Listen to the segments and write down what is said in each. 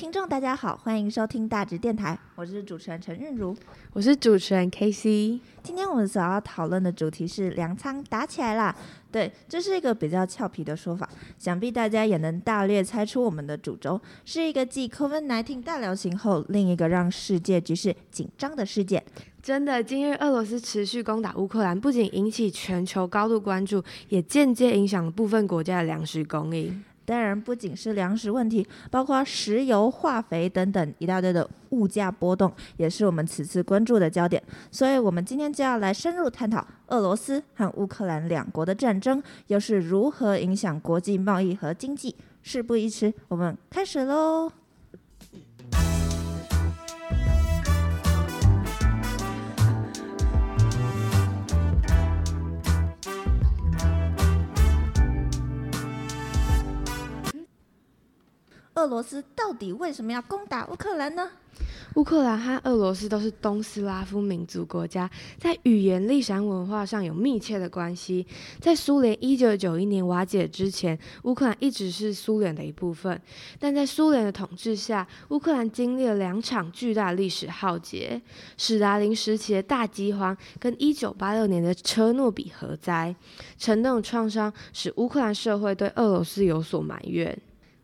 聽眾大家好，歡迎收聽大直電台，我是主持人陳潤如，我是主持人 KC。今天我們所要討論的主題是糧倉打起來啦，對，這是一個比較俏皮的說法，想必大家也能大略猜出我們的主軸是一個繼 COVID-19 大流行後另一個讓世界局勢緊張的事件。真的，今日俄羅斯持續攻打烏克蘭，不僅引起全球高度關注，也間接影響了部分國家的糧食供應。當然，不僅是糧食問題，包括石油、化肥等等一大堆的物價波動，也是我們此次關注的焦點。所以，我們今天就要來深入探討俄羅斯和烏克蘭兩國的戰爭，又是如何影響國際貿易和經濟。事不宜遲，我們開始嘍。俄羅斯到底為什麼要攻打烏克蘭呢？烏克蘭和俄羅斯都是東斯拉夫民族國家，在語言、歷史、文化上有密切的關係。在蘇聯一九九一年瓦解之前，烏克蘭一直是蘇聯的一部分。但在蘇聯的統治下，烏克蘭經歷了兩場巨大歷史浩劫——史達林時期的大饑荒跟一九八六年的車諾比核災。沉重的創傷使烏克蘭社會對俄羅斯有所埋怨。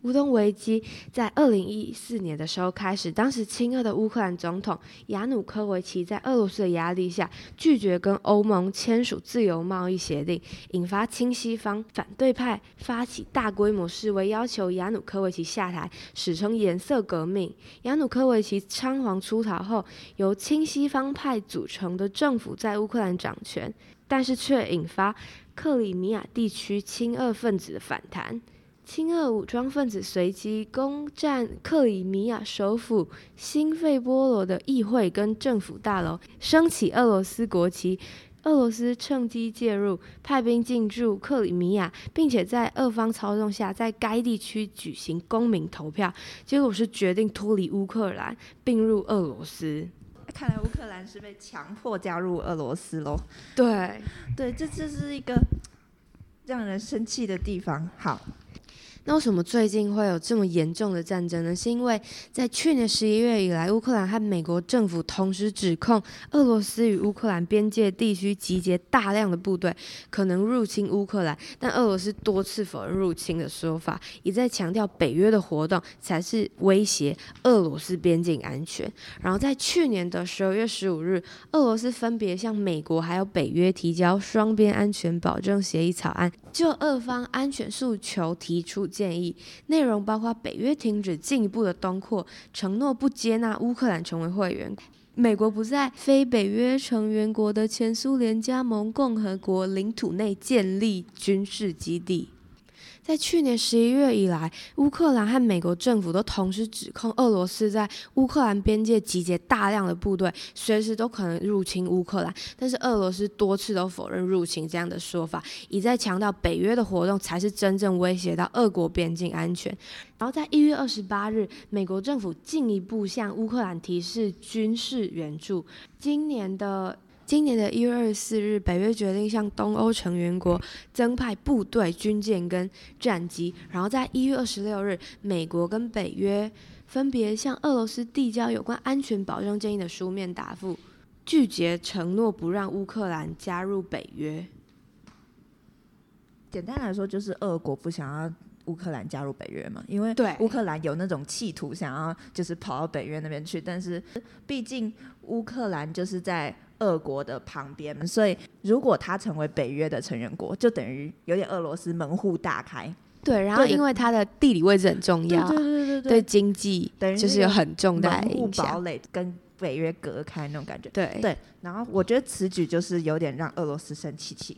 烏東危機在二零一四年的時候開始，當時親俄的烏克蘭總統亞努科維奇在俄羅斯的壓力下拒絕跟歐盟簽署自由貿易協定，引發親西方反對派發起大規模示威，要求亞努科維奇下台，史稱顏色革命。亞努科維奇倉皇出逃後，由親西方派組成的政府在烏克蘭掌權，但是卻引發克里米亞地區親俄分子的反彈。親俄武裝分子隨即攻佔克里米亞首府辛菲羅波爾的議會跟政府大樓，升起俄羅斯國旗。俄羅斯趁機介入，派兵進駐克里米亞，並且在俄方操縱下，在該地區舉行公民投票，結果是決定脫離烏克蘭併入俄羅斯。看來烏克蘭是被強迫加入俄羅斯嘍？對，對，這這是一個讓人生氣的地方。好。那為什麼最近會有這麼嚴重的戰爭呢？是因為在去年十一月以來，烏克蘭和美國政府同時指控俄羅斯與烏克蘭邊界地區集結大量的部隊，可能入侵烏克蘭。但俄羅斯多次否認入侵的說法，一再強調北約的活動才是威脅俄羅斯邊境安全。然後在去年的十二月十五日，俄羅斯分別向美國還有北約提交雙邊安全保證協議草案，就俄方安全訴求提出。建議內容包括：北約停止進一步的東擴，承諾不接納烏克蘭成為會員；美國不在非北約成員國的前蘇聯加盟共和國領土內建立軍事基地。在去年十一月以來，烏克蘭和美國政府都同時指控俄羅斯在烏克蘭邊界集結大量的部隊，隨時都可能入侵烏克蘭。但是俄羅斯多次都否認入侵這樣的說法，一再強調北約的活動才是真正威脅到俄國邊境安全。然後在一月二十八日，美國政府進一步向烏克蘭提示軍事援助。今年的。今年的一月二十四日，北約決定向東歐成員國增派部隊、軍艦跟戰機。然後在一月二十六日，美國跟北約分別向俄羅斯遞交有關安全保障建議的書面答覆，拒絕承諾不讓烏克蘭加入北約。簡單來說，就是俄國不想要烏克蘭加入北約嘛。因為烏克蘭有那種企圖想要就是跑到北約那邊去，但是畢竟烏克蘭就是在。俄國的旁邊，所以如果它成為北約的成員國，就等於有點俄羅斯門戶大開。對，然後因為它的地理位置很重要，對，對對對對，對經濟等於就是有很重的影響。保護堡壘跟北約隔開那種感覺。對對，然後我覺得此舉就是有點讓俄羅斯生氣氣。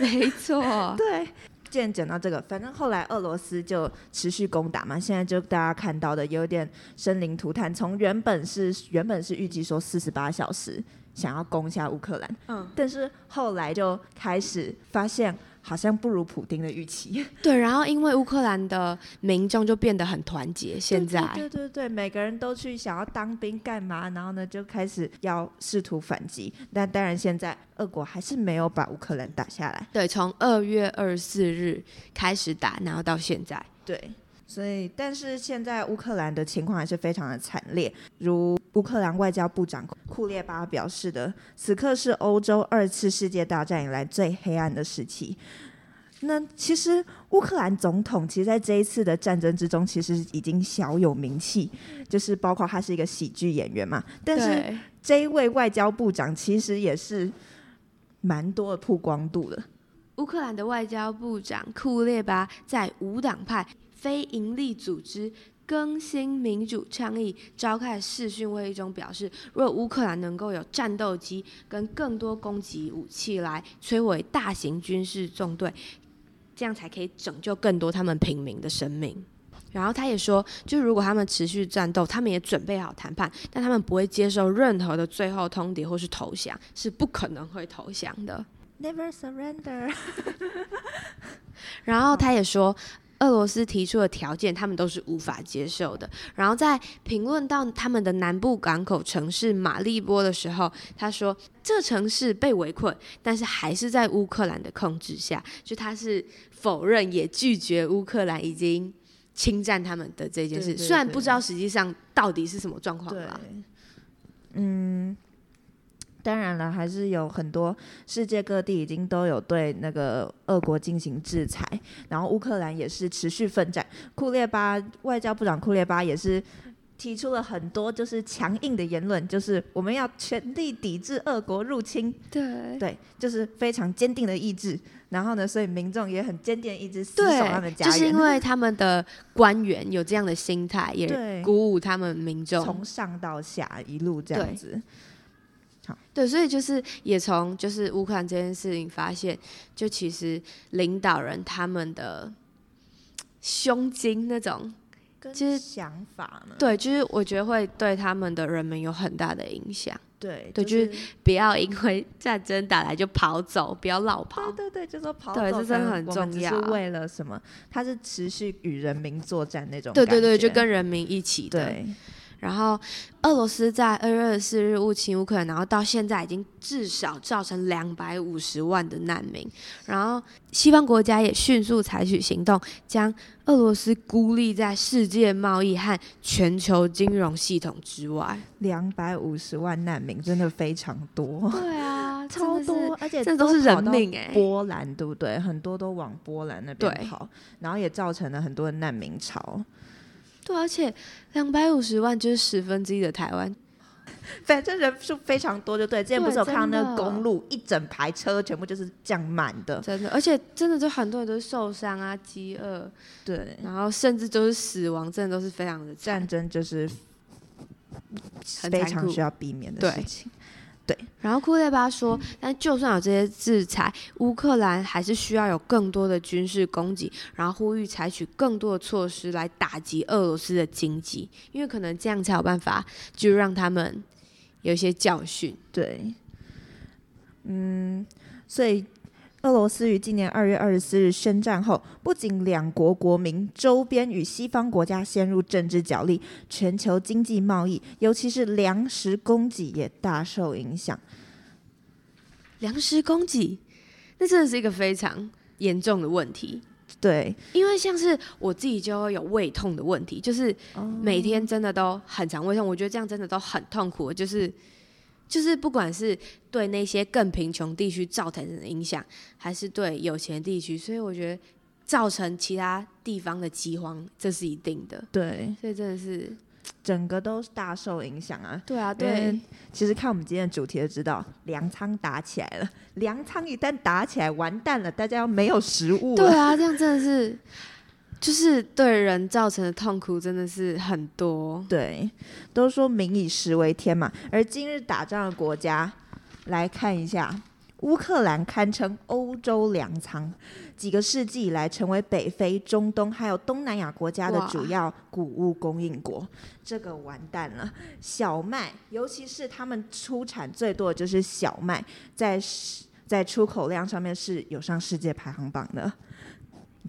沒錯。 對。既然講到這個，反正後來俄羅斯就持續攻打嘛，現在就大家看到的有點生靈塗炭，從原本是原本是預計說四十八小時。想要攻下烏克蘭，嗯，但是後來就開始發現，好像不如普丁的預期。對，然後因為烏克蘭的民眾就變得很團結，現在對，對對對，每個人都去想要當兵幹嘛，然後呢就開始要試圖反擊。但當然，現在俄國還是沒有把烏克蘭打下來。對，從二月二十四日開始打，然後到現在，對。所以，但是現在烏克蘭的情況還是非常的慘烈。如烏克蘭外交部長庫列巴表示的：“此刻是歐洲二次世界大戰以來最黑暗的時期。”那其實烏克蘭總統其實在這一次的戰爭之中，其實已經小有名氣，就是包括他是一個喜劇演員嘛。但是這一位外交部長其實也是蠻多的曝光度的。烏克蘭的外交部長庫列巴在無黨派。非營利組織「更新民主倡議」召開視訊會議中表示，若烏克蘭能夠有戰鬥機跟更多攻擊武器來摧毀大型軍事縱隊，這樣才可以拯救更多他們平民的生命。然後他也說，就如果他們持續戰鬥，他們也準備好談判，但他們不會接受任何的最後通牒或是投降，是不可能會投降的。Never surrender。然後他也說。俄羅斯提出的條件，他們都是無法接受的。然後在評論到他們的南部港口城市馬利波的時候，他說這城市被圍困，但是還是在烏克蘭的控制下。就他是否認也拒絕烏克蘭已經侵佔他們的這件事。對對對，雖然不知道實際上到底是什麼狀況吧。嗯。當然了，還是有很多世界各地已經都有對那個俄國進行制裁，然後烏克蘭也是持續奮戰。庫列巴外交部長庫列巴也是提出了很多就是強硬的言論，就是我們要全力抵制俄國入侵。對對，就是非常堅定的意志。然後呢，所以民眾也很堅定意志，死守他們家。就是因為他們的官員有這樣的心態，也鼓舞他們民眾從上到下一路這樣子。對，所以就是也從就是烏克蘭這件事情發現，就其實領導人他們的胸襟那種，跟其實想法呢，對，就是我覺得會對他們的人民有很大的影響。對，就是、對，就是不要因為戰爭打來就跑走，不要老跑。對對對，就說跑走，對，這真的很重要。只是為了什麼？他是持續與人民作戰那種。對對對，就跟人民一起對。然後，俄羅斯在二月二十四日入侵烏克蘭，然後到現在已經至少造成兩百五十萬的難民。然後，西方國家也迅速採取行動，將俄羅斯孤立在世界貿易和全球金融系統之外。兩百五十萬難民真的非常多，對啊，超多， 而且這都是人命欸，波蘭對不對？很多都往波蘭那邊跑，對然後也造成了很多的難民潮。對，而且兩百五十萬就是十分之一的台灣，反正人數非常多，就對。之前不是有看到那個公路一整排車全部就是降滿的，真的。而且真的就很多人都是受傷啊、飢餓，對，然後甚至就是死亡，真的都是非常的戰。戰爭就是非常需要避免的事情。對，然後庫列巴說，嗯、但就算有這些制裁，烏克蘭還是需要有更多的軍事供給，然後呼籲採取更多的措施來打擊俄羅斯的經濟，因為可能這樣才有辦法，就讓他們有一些教訓。對，嗯，所以。俄羅斯於今年二月二十四日宣戰後，不僅兩國國民、周邊與西方國家陷入政治角力，全球經濟貿易，尤其是糧食供給也大受影響。糧食供給，那真的是一個非常嚴重的問題。對，因為像是我自己就會有胃痛的問題，就是每天真的都很常胃痛，oh. 我覺得這樣真的都很痛苦，就是。就是不管是對那些更貧窮地區造成的影響，還是對有錢地區，所以我覺得造成其他地方的饑荒，這是一定的。對，所以這是整個都大受影響啊。對啊，對，其實看我們今天的主題就知道，糧倉打起來了，糧倉一旦打起來，完蛋了，大家要沒有食物。對啊，這樣真的是。 就是對人造成的痛苦真的是很多。對，都說民以食為天嘛。而今日打仗的國家，來看一下，烏克蘭堪稱歐洲糧倉，幾個世紀以來成為北非、中東還有東南亞國家的主要穀物供應國。哇這個完蛋了，小麥，尤其是他們出產最多的就是小麥，在在出口量上面是有上世界排行榜的。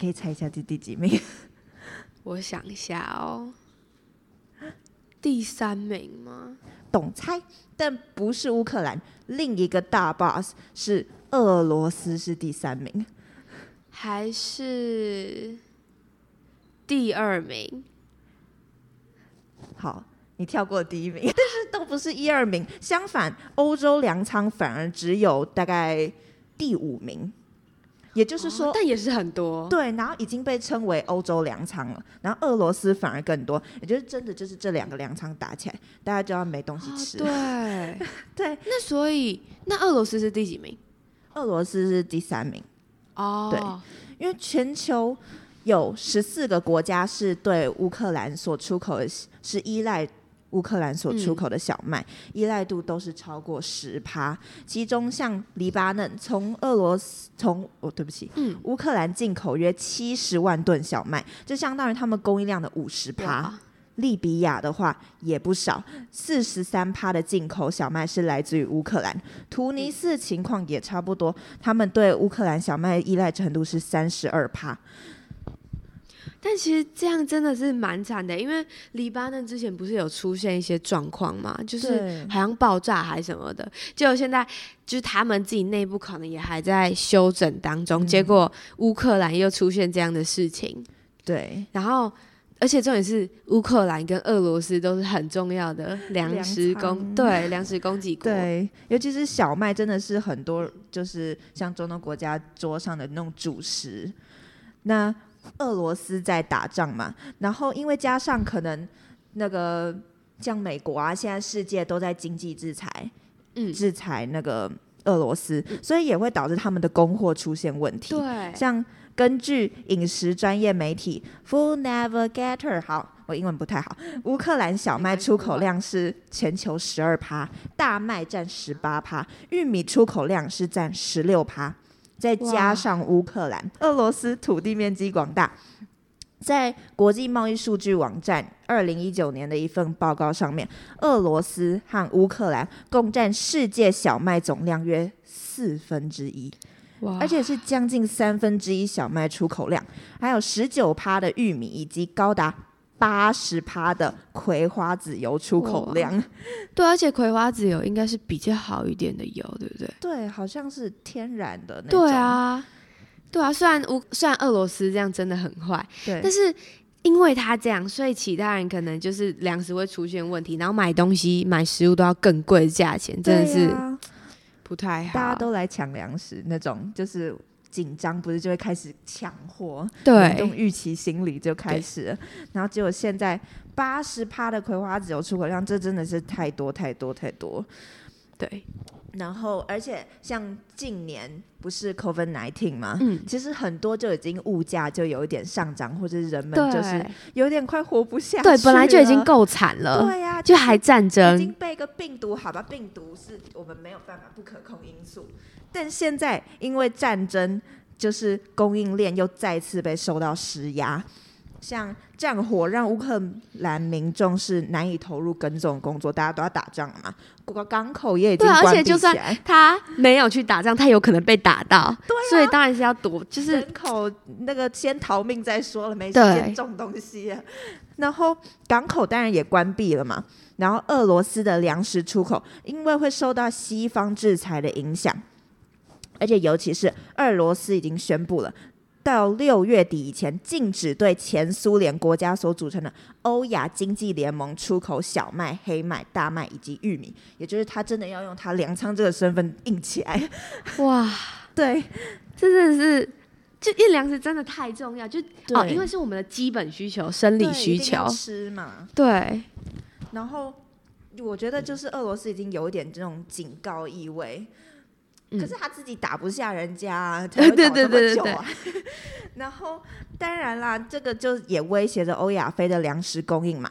你可以猜一下這幾名？我想一下哦，第三名嗎？懂猜，但不是烏克蘭。另一個大 boss 是俄羅斯，是第三名，還是第二名？好，你跳過第一名，但是都不是一二名。相反，歐洲糧倉反而只有大概第五名。也就是說、哦，但也是很多對，然後已經被稱為歐洲糧倉了，然後俄羅斯反而更多，也就是真的就是這兩個糧倉打起來，大家就要沒東西吃、哦。對， 對，那所以那俄羅斯是第幾名？俄羅斯是第三名。哦，對，因為全球有十四個國家是對烏克蘭所出口的是依賴。烏克蘭所出口的小麥、嗯、依賴度都是超過十趴，其中像黎巴嫩從俄羅斯從，哦，對不起，嗯、烏克蘭進口約七十萬噸小麥，就相當於他們供應量的五十趴。哇利比亞的話也不少，四十三趴的進口小麥是來自於烏克蘭。突尼斯情況也差不多，嗯、他們對烏克蘭小麥依賴程度是三十二趴。但其實這樣真的是蠻慘的，因為黎巴嫩之前不是有出現一些狀況嘛，就是好像爆炸還是什麼的，就對現在就是他們自己內部可能也還在休整當中，嗯、結果烏克蘭又出現這樣的事情。對，然後而且重點是烏克蘭跟俄羅斯都是很重要的糧食供，倉對，糧食供給國，對，尤其是小麥真的是很多，就是像中東國家桌上的那種主食，那。俄羅斯在打仗嘛，然後因為加上可能那個像美國啊，現在世界都在經濟制裁，嗯，制裁那個俄羅斯，嗯、所以也會導致他們的供貨出現問題。對、嗯，像根據飲食專業媒體對 Food Navigator，好，我英文不太好，烏克蘭小麥出口量是全球十二趴，大麥占十八趴，玉米出口量是占十六趴。再加上烏克蘭，哇俄羅斯土地面積廣大，在國際貿易數據網站二零一九年的一份報告上面，俄羅斯和烏克蘭共占世界小麥總量約四分之一，哇而且是將近三分之一小麥出口量，還有十九趴的玉米以及高達。八十趴的葵花籽油出口量，哦啊，對啊，而且葵花籽油應該是比較好一點的油，對不對？對，好像是天然的那種。對啊，對啊，雖然我雖然俄羅斯這樣真的很壞，對，但是因為他這樣，所以其他人可能就是糧食會出現問題，然後買東西買食物都要更貴的價錢，啊，真的是不太好。大家都來搶糧食，那種就是。緊張不是就會開始搶貨，對，用預期心理就開始，對然後結果現在八十趴的葵花籽油出口量，這真的是太多太多太多，對。然後，而且像近年不是 COVID-19 嗎？嗯，其實很多就已經物價就有一點上漲，或者是人們就是有點快活不下去了。對，本來就已經夠慘了，對呀、啊，就，就還戰爭，已經被一個病毒好吧？病毒是我們沒有辦法不可控因素，但現在因為戰爭，就是供應鏈又再次被受到施壓。像戰火讓烏克蘭民眾是難以投入耕種工作，大家都要打仗了嘛，港口也已經關閉，而且就算他沒有去打仗，他有可能被打到， 所以當然是要躲，就是人口那個先逃命再說了，沒時間種東西。對然後港口當然也關閉了嘛，然後俄羅斯的糧食出口因為會受到西方制裁的影響，而且尤其是俄羅斯已經宣布了。到六月底以前，禁止對前蘇聯國家所組成的歐亞經濟聯盟出口小麥、黑麥、大麥以及玉米，也就是他真的要用他糧倉這個身份硬起來。哇， 對，真的是，就硬糧食真的太重要，就對哦，因為是我們的基本需求、生理需求，吃嘛。對，然後我覺得就是俄羅斯已經有一點這種警告意味。可是他自己打不下人家，啊，才會打這麼久啊，對對對對。 然後，當然啦，這個就也威脅着歐亞非的糧食供應嘛。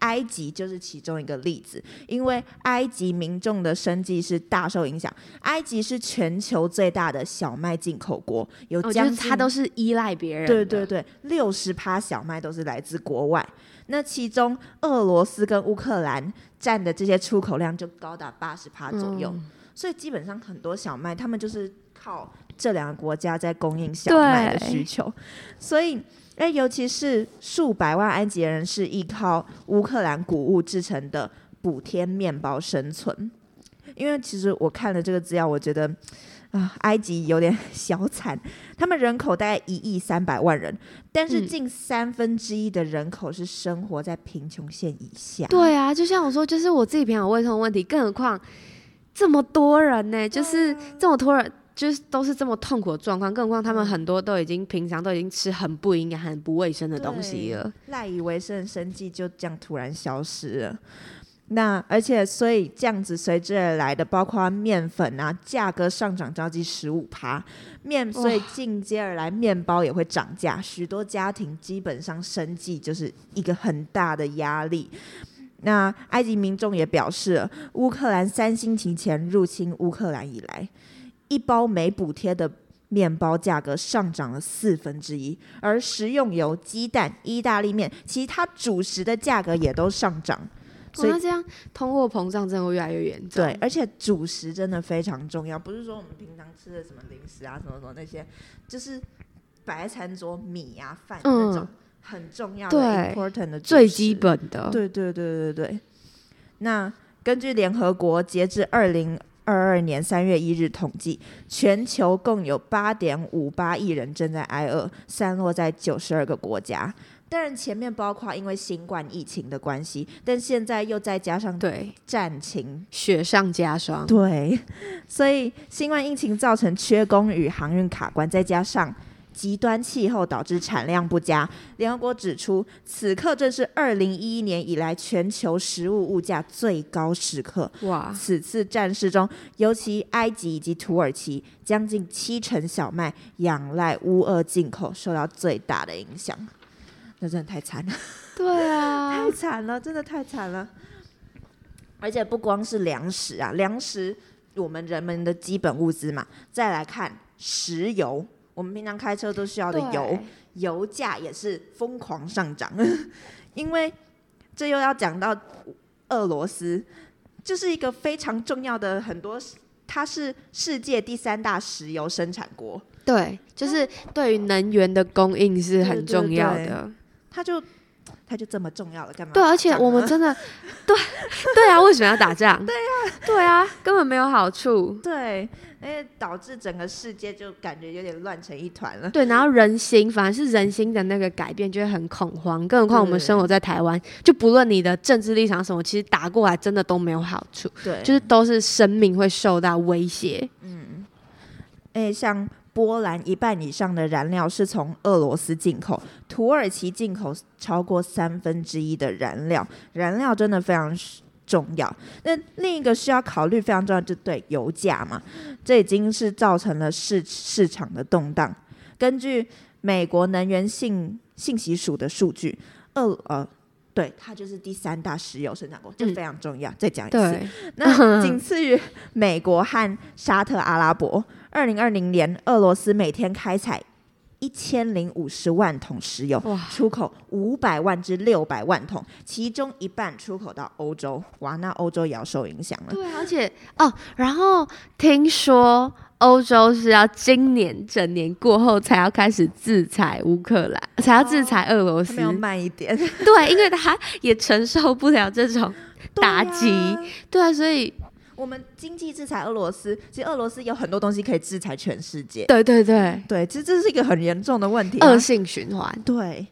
埃及就是其中一個例子，因為埃及民眾的生計是大受影響。埃及是全球最大的小麥進口國，有將近，它、哦就是，都是依賴別人。對對對，六十趴小麥都是來自國外。那其中，俄羅斯跟烏克蘭佔的這些出口量就高達八十趴左右。嗯所以基本上很多小麥，他們就是靠這兩個國家在供應小麥的需求。對所以，哎，尤其是數百萬埃及人是依靠烏克蘭穀物制成的補貼麵包生存。因為其實我看了這個資料，我覺得啊、呃，埃及有點小慘。他們人口大概一億三百萬人，但是近三分之一的人口是生活在貧窮線以下，嗯。對啊，就像我說，就是我自己平常胃痛的問題，更何況。這麼多人呢、欸、啊，就是這麼突然，就是都是這麼痛苦的狀況。更何況他們很多都已經平常都已經吃很不營養、很不衛生的東西了，賴以為生的生計就這樣突然消失了。那而且，所以這樣子隨之而來的，包括面粉啊，價格上漲將近十五趴，面所以進階而來，面哇包也會漲價。許多家庭基本上生計就是一個很大的壓力。那埃及民眾也表示了，烏克蘭三星期前入侵烏克蘭以來，一包沒補貼的麵包價格上漲了四分之一，而食用油、雞蛋、意大利麵、其他主食的價格也都上漲。所以這樣，通貨膨脹真的越來越嚴重。對，而且主食真的非常重要，不是說我們平常吃的什麼零食啊、什麼什麼那些，就是擺在餐桌米呀、飯那種。嗯很重要的對，important 的最基本的，對對對對對，那根據聯合國截至二零二二年三月一日統計，全球共有八點五八億人正在挨餓，散落在九十二個國家。當然，前面包括因為新冠疫情的關係，但現在又再加上對，戰情對，雪上加霜。對，所以新冠疫情造成缺工與航運卡關，再加上。極端氣候導致產量不佳。聯合國指出，此刻正是二零一一年以來全球食物物價最高時刻。哇！此次戰事中，尤其埃及以及土耳其，將近七成小麥仰賴烏俄進口，受到最大的影響。那真的太慘了。對啊， 太慘了，真的太慘了。而且不光是糧食啊，糧食我們人們的基本物資嘛。再來看石油。我們平常開車都需要的油，對油價也是瘋狂上漲，因為這又要講到俄羅斯，就是一個非常重要的很多，它是世界第三大石油生產國，對，就是對於能源的供應是很重要的。它就它就這麼重要了，幹嘛？對啊，而且我們真的， 對對啊，為什麼要打仗？對啊，對啊，根本沒有好處。對。哎、欸，導致整個世界就感覺有點亂成一團了。對，然後人心反而是人心的那個改變就會很恐慌，更何況我們生活在台灣，嗯、就不論你的政治立場什麼，其實打過來真的都沒有好處。對，就是都是生命會受到威脅。嗯，哎、欸，像波蘭一半以上的燃料是從俄羅斯進口，土耳其進口超過三分之一的燃料，燃料真的非常。重要。那另一個需要考慮非常重要，就對油價嘛，這已經是造成了市市場的動盪。根據美國能源信信，信息署的數據，俄、呃，對，它就是第三大石油生產國，就非常重要。嗯，再講一次，對那僅次於美國和沙特阿拉伯。二零二零年，俄羅斯每天開採。一千零五十萬桶石油，哇出口五百萬至六百萬桶，其中一半出口到歐洲，哇！那歐洲也要受影響了。對、啊，而且哦，然後聽說歐洲是要今年整年過後才要開始制裁烏克蘭，才要制裁俄羅斯，要、哦、慢一點。 對，因為他也承受不了這種打擊。對啊，對啊，所以。我們經濟制裁俄羅斯，其實俄羅斯有很多東西可以制裁全世界。對對對對，其實這，這是一個很嚴重的問題啊，惡性循環。對，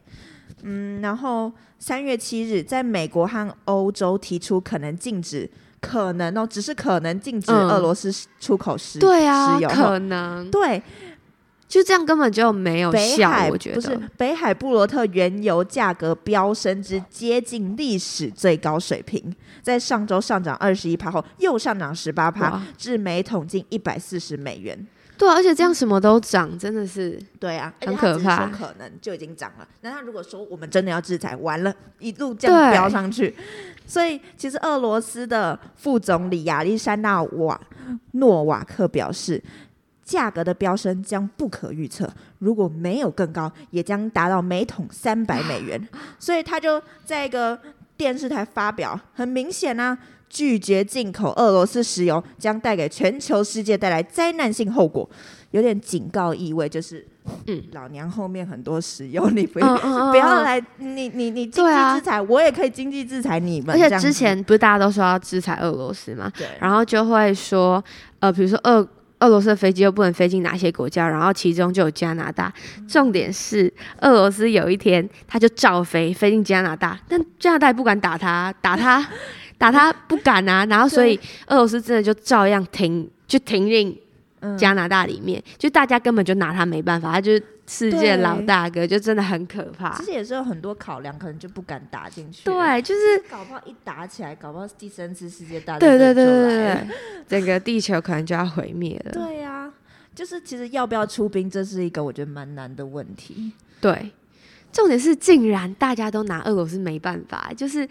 嗯，然後三月七日，在美國和歐洲提出可能禁止，可能哦，只是可能禁止俄羅斯出口石油、嗯、石油，對啊石油，可能對。就這樣根本就沒有效果，海我覺得不是。北海布羅特原油價格飆升至接近歷史最高水平，在上周上漲二十一趴後，又上漲十八趴，至每桶近一百四十美元。對、啊，而且這樣什麼都漲，真的是對啊，很可怕。啊、說可能就已經漲了。那他如果說我們真的要制裁，完了一路這樣飆上去。對所以，其實俄羅斯的副總理亞歷山大瓦諾瓦克表示。價格的飆升將不可預測。如果沒有更高，也將達到每桶三百美元。啊、所以他就在一個電視台發表，很明顯啊，拒絕進口俄羅斯石油將帶給全球世界帶來災難性後果，有點警告意味，就是，嗯，老娘後面很多石油，你不要、嗯嗯嗯、不要來，你你你經濟制裁，啊、我也可以經濟制裁你們。而且之前不是大家都說要制裁俄羅斯嘛，對然後就會說，呃，比如說二。俄羅斯的飛機又不能飛進哪些國家？然後其中就有加拿大。重點是，俄羅斯有一天他就照飛，飛進加拿大。但加拿大也不敢打他，打他，打他不敢啊。然後所以俄羅斯真的就照樣停，就停在加拿大裡面，嗯、就大家根本就拿他沒辦法，他就。世界老大哥對就真的很可怕，其實也是有很多考量，可能就不敢打進去。對，就是搞不好一打起來，搞不好第三次世界大戰，對對對，對，對整個地球可能就要毀滅了。 對呀、啊，就是其實要不要出兵，這是一個我覺得蠻難的問題。對，重點是竟然大家都拿俄羅斯沒辦法，就是。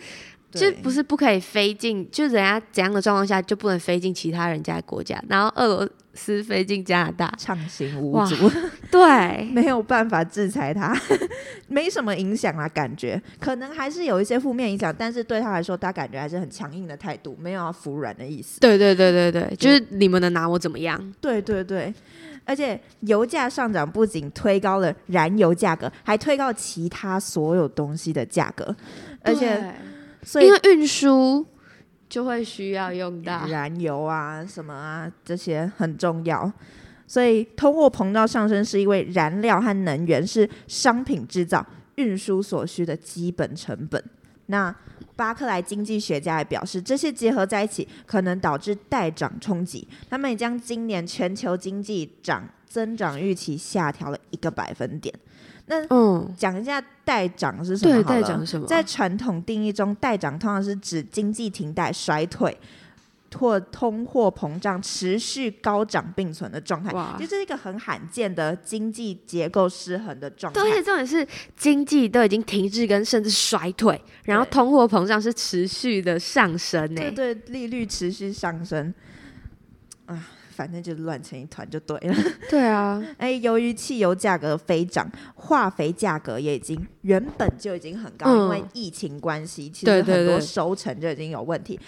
就不是不可以飛進，就人家怎樣的狀況下就不能飛進其他人家的國家，然後俄羅斯飛進加拿大，暢行無阻。對，沒有辦法制裁他， 沒什麼影響啊，感覺可能還是有一些負面影響，但是對他來說，他感覺還是很強硬的態度，沒有要服軟的意思。對對對對對，就是你們能拿我怎麼樣？嗯、對，對對對，而且油價上漲不僅推高了燃油價格，還推高其他所有東西的價格，對而且。因為運輸就會需要用到燃油啊、什麼啊這些很重要，所以通貨膨脹上升是因為燃料和能源是商品製造、運輸所需的基本成本。那巴克萊經濟學家也表示，這些結合在一起可能導致帶漲衝擊。他們也將今年全球經濟漲增長預期下調了一個百分點。那嗯，講一下代漲是，嗯、是什麼？代漲是什麼？在傳統定義中，代漲通常是指經濟停貸、衰退或通貨膨脹持續高漲並存的狀態。哇，其實是一個很罕見的經濟結構失衡的狀態。對，重點是經濟都已經停滯跟甚至衰退，然後通貨膨脹是持續的上升、欸。呢？對，對，利率持續上升。啊。反正就亂成一團就對了。對啊，哎，由於汽油價格飛漲，化肥價格也已經原本就已經很高，嗯，因為疫情關係，其實很多收成就已經有問題。對對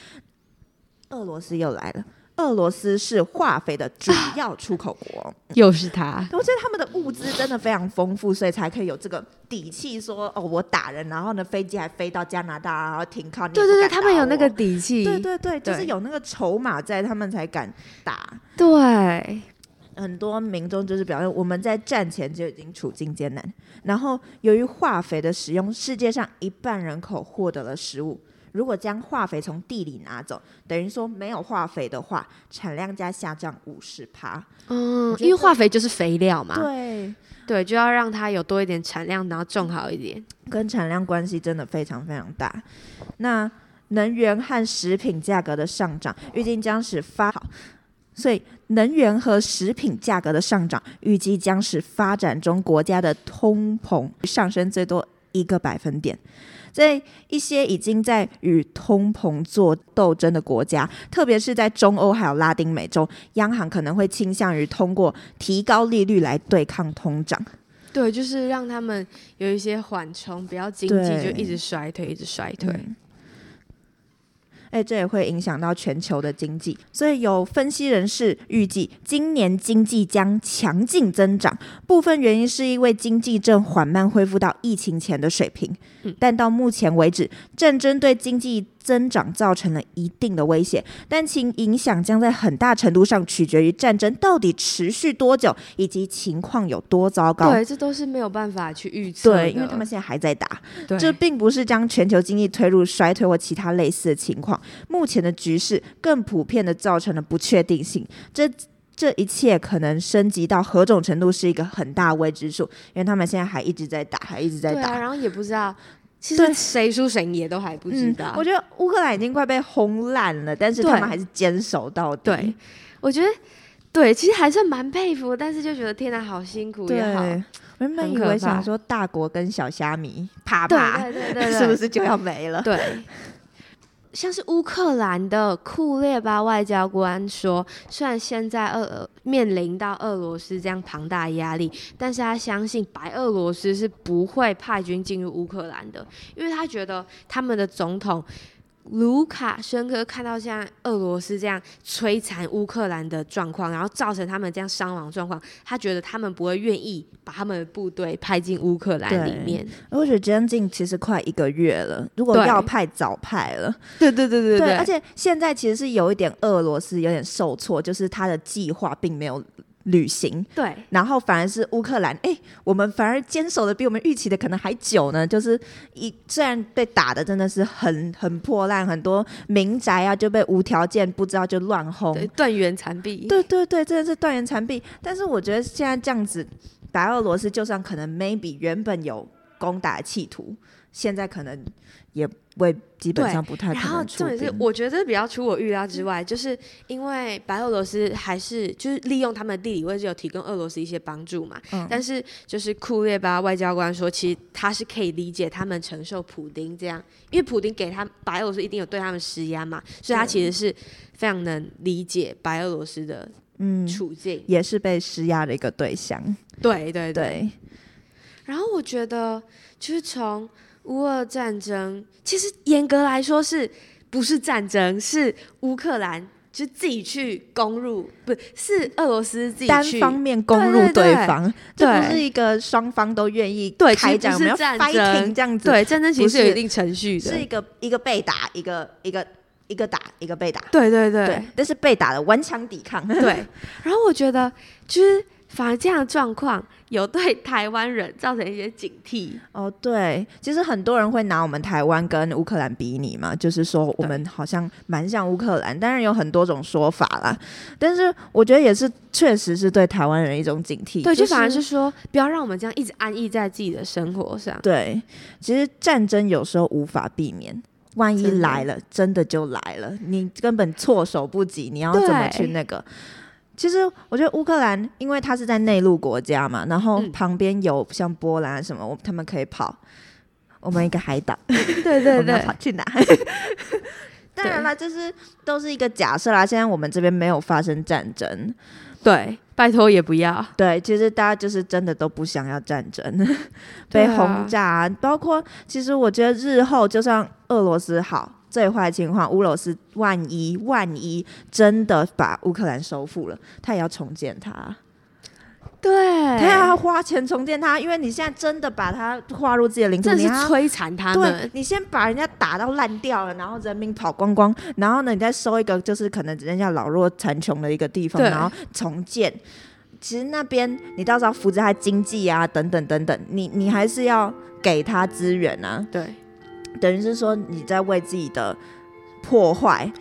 對。俄羅斯又來了。俄羅斯是化肥的主要出口國，啊，又是他。我覺得他們的物資真的非常豐富，所以才可以有這個底氣說：哦，我打人，然後呢，飛機還飛到加拿大，然後停靠。你對對對，他們有那個底氣。對對對，就是有那個籌碼在，他們才敢打。對，很多民眾就是表示，我們在戰前就已經處境艱難，然後由於化肥的使用，世界上一半人口獲得了食物。如果將化肥從地裡拿走，等於說沒有化肥的話，產量將下降五十趴。嗯，因為化肥就是肥料嘛。對對，就要讓它有多一點產量，然後種好一點，嗯、跟產量關係真的非常非常大。那能源和食品價格的上漲，預計將使發好。所以，能源和食品價格的上漲，預計將使發、發展中國家的通膨上升最多一個百分點。所以一些已經在與通膨做鬥爭的國家，特別是在中歐還有拉丁美洲，央行可能會傾向於通過提高利率來對抗通脹。對，就是讓他們有一些緩衝，不要經濟對就一直衰退，一直衰退。嗯哎、欸，這也會影響到全球的經濟，所以有分析人士預計，今年經濟將強勁增長。部分原因是因為經濟正緩慢恢復到疫情前的水平，嗯、但到目前為止，戰爭對經濟增長造成了一定的威脅，但其影響將在很大程度上取決於戰爭到底持續多久，以及情況有多糟糕。對，這都是沒有辦法去預測的。對，因為他們現在還在打。對，這並不是將全球經濟推入衰退或其他類似的情況。目前的局勢更普遍地造成了不確定性。這這一切可能升級到何種程度是一個很大未知數，因為他們現在還一直在打，還一直在打，啊、然後也不知道。其實誰輸誰贏也都還不知道。嗯、我覺得烏克蘭已經快被轟爛了，但是他們還是堅守到底對對。我覺得，對，其實還是蠻佩服，但是就覺得天吶，好辛苦好，對，可我原本以為想說，大國跟小蝦米啪啪，是不是就要沒了？對。對像是烏克蘭的庫列巴外交官說，雖然現在俄面臨到俄羅斯這樣龐大壓力，但是他相信白俄羅斯是不會派軍進入烏克蘭的，因為他覺得他們的總統。盧卡申科看到像俄羅斯這樣摧殘烏克蘭的狀況，然後造成他們這樣傷亡狀況，他覺得他們不會願意把他們的部隊派進烏克蘭裡面。而且我覺得將近其實快一個月了，如果要派早派了，對對對對對，對，對。而且現在其實是有一點俄羅斯有點受挫，就是他的計劃並沒有。旅行對，然後反而是烏克蘭，哎，我們反而堅守的比我們預期的可能還久呢。就是一雖然被打的真的是很很破爛，很多民宅啊就被無條件不知道就亂轟，斷垣殘壁。對對對，真的是斷垣殘壁。但是我覺得現在這樣子，白俄羅斯就算可能 maybe 原本有。攻打企圖，現在可能也未基本上不太可能。然後重點是，我覺得比較出我預料之外，嗯、就是因為白俄羅斯還是就是利用他們的地理位置，有提供俄羅斯一些幫助嘛。嗯、但是就是庫列巴外交官說，其實他是可以理解他們承受普丁這樣，因為普丁給他白俄羅斯一定有對他們施壓嘛，所以他其實是非常能理解白俄羅斯的嗯處境嗯，也是被施壓的一個對象。對對對。對對對然後我覺得，就是從烏俄戰爭，其實嚴格來說是不是戰爭？是烏克蘭就是、自己去攻入，不是俄羅斯自己去單方面攻入對方。對,對,對，這對不是一個雙方都願意開對開戰爭這樣子。對，戰爭其實不是有一定程序的是一個一個被打，一個一個一個打，一個被打。對對對,對，但是被打的頑強抵抗。對， 然後我覺得，就是反而這樣的狀況。有對台灣人造成一些警惕、嗯、哦，對，其實很多人會拿我們台灣跟烏克蘭比擬嘛，就是說我們好像蠻像烏克蘭，當然有很多種說法啦，但是我覺得也是確實是對台灣人一種警惕，對，就是、就反而是說不要讓我們這樣一直安逸在自己的生活上，對，其實戰爭有時候無法避免，萬一來了真的，真的就來了，你根本措手不及，你要怎麼去那個？其實我覺得烏克蘭，因為它是在內陸國家嘛，然後旁邊有像波蘭什麼，嗯、他們可以跑。我們一個海島， 對對對，對，跑去哪？ 當然了啦，對就是都是一個假設啦。現在我們這邊沒有發生戰爭，對，拜託也不要。對，其實大家就是真的都不想要戰爭， 被轟炸、啊，啊、包括其實我覺得日後就算俄羅斯好。最壞情況，俄羅斯萬一萬一真的把烏克蘭收復了，他也要重建它。對，他要花錢重建它，因為你現在真的把它劃入自己的領土，這是摧殘他，他對，你先把人家打到爛掉了，然後人民跑光光，然後呢，你再收一個就是可能只剩下老弱殘窮的一個地方，對然後重建。其實那邊你到時候扶植他經濟啊，等等等等，你你還是要給他資源啊。對。等於是說你在為自己的破壞，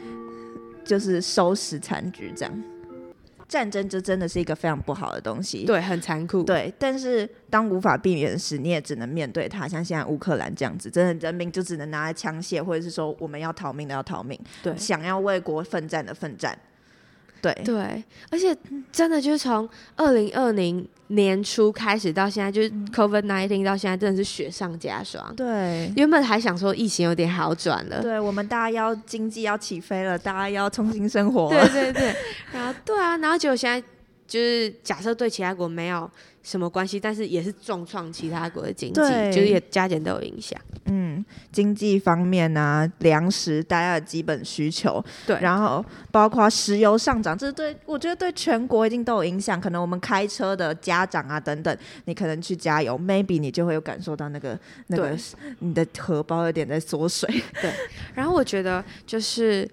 就是收拾殘局這樣。戰爭就真的是一個非常不好的東西，對，很殘酷。對，但是當無法避免時，你也只能面對它。像現在烏克蘭這樣子，真的人民就只能拿來槍械，或者是說我們要逃命的要逃命，對，想要為國奮戰的奮戰。對，對，而且真的就是從二零二零年初開始到現在，就是 COVID 19到現在，真的是雪上加霜。對、嗯，原本還想說疫情有點好轉了，對，我們大家要經濟要起飛了，大家要重新生活。 對對對，然後對啊，然後結果現在。就是假設對其他國沒有什麼關係，但是也是重創其他國的經濟，對就是也加減都有影響。嗯，經濟方面啊，糧食大家的基本需求，對，然後包括石油上漲，這是對，我覺得對全國一定都有影響。可能我們開車的家長啊等等，你可能去加油，maybe 你就會有感受到那個那個你的荷包有點在縮水。對，對，然後我覺得就是。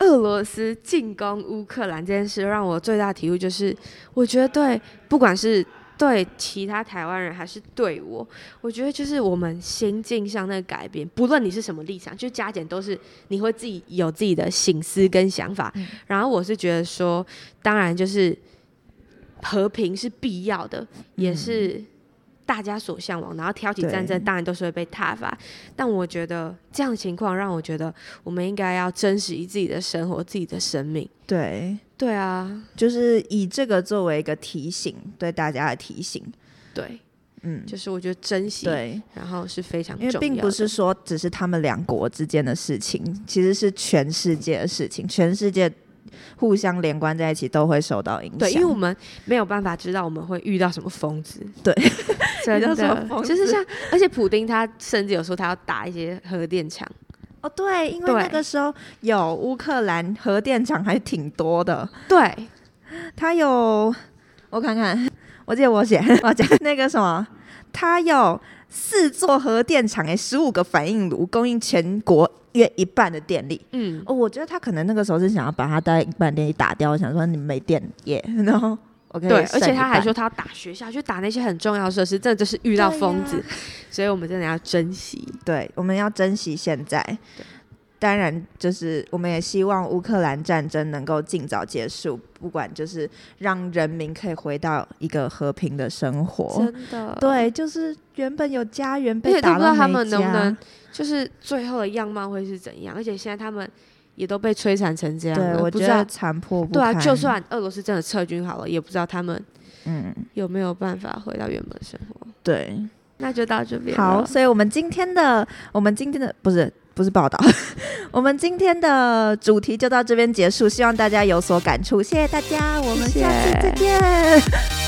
俄羅斯進攻烏克蘭這件事，讓我最大體悟就是，我覺得對，不管是對其他台灣人，還是對我，我覺得就是我們心境上的改變。不論你是什麼立場，就加減都是你會自己有自己的心思跟想法。然後我是覺得說，當然就是和平是必要的，也是。大家所嚮往，然後挑起戰爭，對當然都是會被撻伐，啊。但我覺得這樣的情況讓我覺得，我們應該要珍惜自己的生活、自己的生命。對，對啊，就是以這個作為一個提醒，對大家的提醒。對，嗯，就是我覺得珍惜，對，然後是非常重要的。因為並不是說只是他們兩國之間的事情，其實是全世界的事情，全世界。互相連貫在一起都會受到影響。對，因為我們沒有辦法知道我們會遇到什麼瘋子。對，所以叫做瘋子。就是像，而且普丁他甚至有說他要打一些核電廠。哦，對，因為那個時候有烏克蘭核電廠還挺多的。對,對，他有，我看看，我記得我寫我講那個什麼，他有四座核電廠、欸，誒，十五個反應爐供應全國。約一半的電力，嗯，哦，我覺得他可能那個時候是想要把他大概一半電力打掉，我想說你沒電耶，然後我跟你對，而且他還說他要打學校，就打那些很重要的設施，真的就是遇到瘋子，啊，所以我們真的要珍惜，對，我們要珍惜現在。當然，就是我們也希望烏克蘭戰爭能夠儘早結束，不管就是讓人民可以回到一個和平的生活。真的，對，就是原本有家園被打亂，而且不知道他們能不能，就是最後的樣貌會是怎樣？而且現在他們也都被摧殘成這樣，我對不知道，殘破不堪。對啊，就算俄羅斯真的撤軍好了，也不知道他們嗯有沒有辦法回到原本的生活。對，那就到這邊。好，所以我們今天的我們今天的不是。不是報道， 我們今天的主題就到這邊結束，希望大家有所感觸，謝謝大家，我們下次再見。謝謝